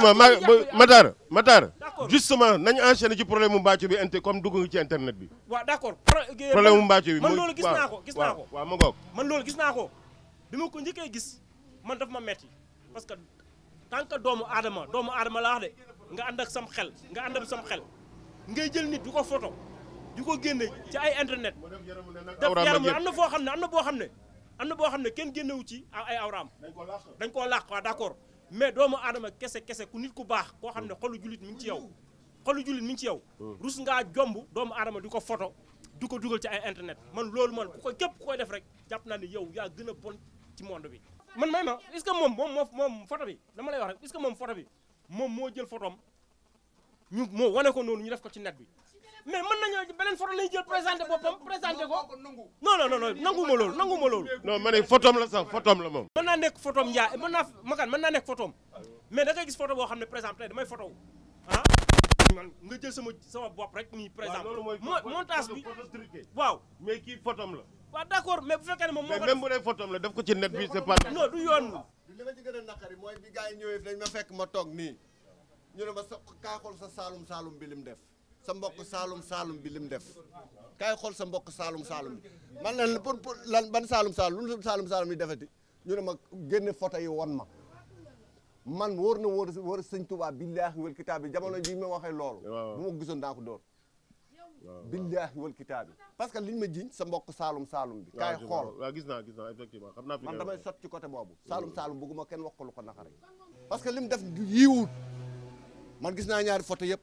oui ma ma Matar Matar. nañ nañu enchaîner ci problème mu mbàcc bi inter comme ci bi. waaw d' accord euh, euh, problème mu mbàcc bi. man loolu gis naa ko gis naa ko ma ngoog man loolu gis naa ko bi ma ko njëkkee gis man daf ma metti parce que tant que doomu aadama doomu aadama laa wax de nga ànd ak sam xel nga ànd ak sam xel ngay jël nit du ko photo di ko génne ci ay internet. def yaram am na foo xam ne am na boo xam ne am na boo xam ne kenn génnewu ci ay awraam dañ ko làq waaw d' mais doomu aadama kese kese ku nit ku baax koo xam ne mm. xolu jullit mi ngi ci yow xolu jullit mi ngi ci yow mm. rus ngaa jomb doomu aadama di ko foto du ko dugal ci ay internet man loolu man ku ko képp ku koy def rek jàpp naa ne yow yaa gën a bon ci monde bi man may ma est-ce que moom moom moo moom photo bi dama lay wax rek est-ce moom photo bi moom moo jël photom ñu moo wane ko noonu ñu def ko ci net bi mais mën nañoo beneen photo lay jël présenté boppam présenté ko non non non nangu ma loolu nangu ma loolu. non ma ne photom la sax photom la moom. mën naa nekk photom Ndiaye mën naa Makan mën naa nekk photom mais da ngay gis photo boo xam ne par exemple tey damay photo ah. man nga jël sama sama bopp rek nii par exemple. montage bi waaw. mais kii photom la. waaw d'accord mais bu fekkee ne moom moo ko même bu dee photom la def ko ci net bi c'est pas. non du yoon. li ma ci gën a naqari mooy bi gars yi ñëwee dañ ma fekk ma toog nii ñu ne ma sa kaaxul sa saalum saalum bi lim def sa mbokk saalum saalum bi lim def kaay xool sa mbokk saalum saalum bi man lan pour pour lan ban saalum saalum lu saalum saalum yi defati ñu ne ma génne photo yi ma man wóor na wóor wóor sëñ Tuubaa billaahi wal kitaabi jamono ji ma waxee loolu bu ma daa ko dóor billaahi wal kitaabi parce que liñ ma jiñ sa mbokk saalum saalum bi kaay xool waaw gis naa gis naa effectivement xam naa man damay sot ci côté boobu mm. saalum saalum bëgguma kenn wax ko lu ko parce que lim def yiwut man gis naa ñaari photo yëpp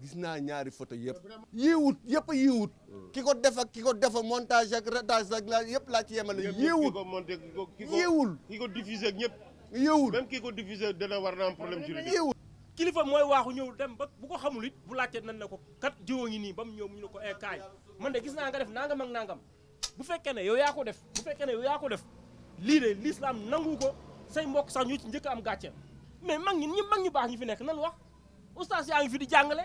gis naa ñaari photo yëpp yiiwut yëpp a yiiwut ki ko def ak ki ko defa montage ak retage ak la yëpp laa ci yemale yiiwut yiiwul ki ko diffusé ak ñëpp yiiwul même ki ko diffusé dana war na am problème juridique kilifa mooy waaxu ñëw dem ba bu ko xamul it bu laajte nan ne ko kat jiwoo ngi nii ba mu ñëw mu ne ko eh, kaay man de gis naa nga def nangam ak nangam bu fekkee ne yow yaa ko def bu fekkee ne yow yaa ko def lii de l'islam nangu ko say mbokk sax ñu ci njëkk am gàcce mais mag ñi ñi mag ñu baax ñu fi nekk nan wax oustaz yaa ngi fi di jàngale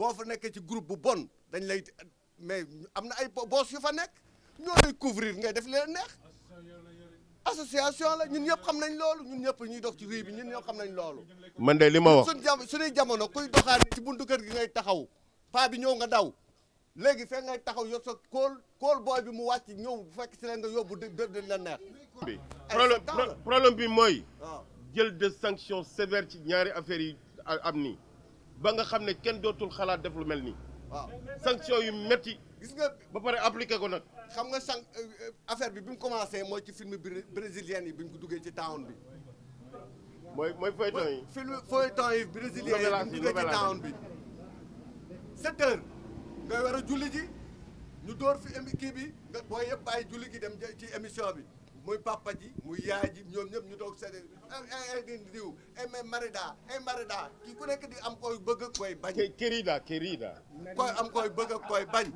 boo fa nekkee ci groupe bu bon dañ lay mais am na ay boos yu fa nekk ñoo lay couvrir ngay def leen neex association la ñun ñëpp xam nañ loolu ñun ñëpp ñuy dox ci rii bi ñun ñoo xam nañ loolu. man de li ma wax suñu jam suñuy jamono kuy doxaan ci buntu kër gi ngay taxaw paa bi ñëw nga daw léegi fekk ngay taxaw yor sa kool kool booy bi mu wàcc ñëw bu fekk si la nga yóbbu dëgg la neex. problème problème bi mooy. Ah. jël de sanction sévère ci ñaari affaires yi am nii. ba nga xam ne kenn dootul xalaat def lu mel nii. waaw sanction yu metti gis nga ba pare appliqué ko nag. xam nga san euh, euh, affaire bi bi mu commencé mooy ci film brésilien yi bi ñu ko duggee ci town bi. mooy mooy feuilleton yi. film feuilleton yi brésilien yi bi ñu duggee ci town bi. 7 ngay war a julli ji ñu door fi émi kii bi nga yëpp ay julli gi dem ci émission bi. mooy papa ji muy yaay ji ñoom ñëpp ñu toog seede diw e marida e marida kii ku nekk di am koy bëgg koy bañ kerida kerida koy am koy bëgg koy bañ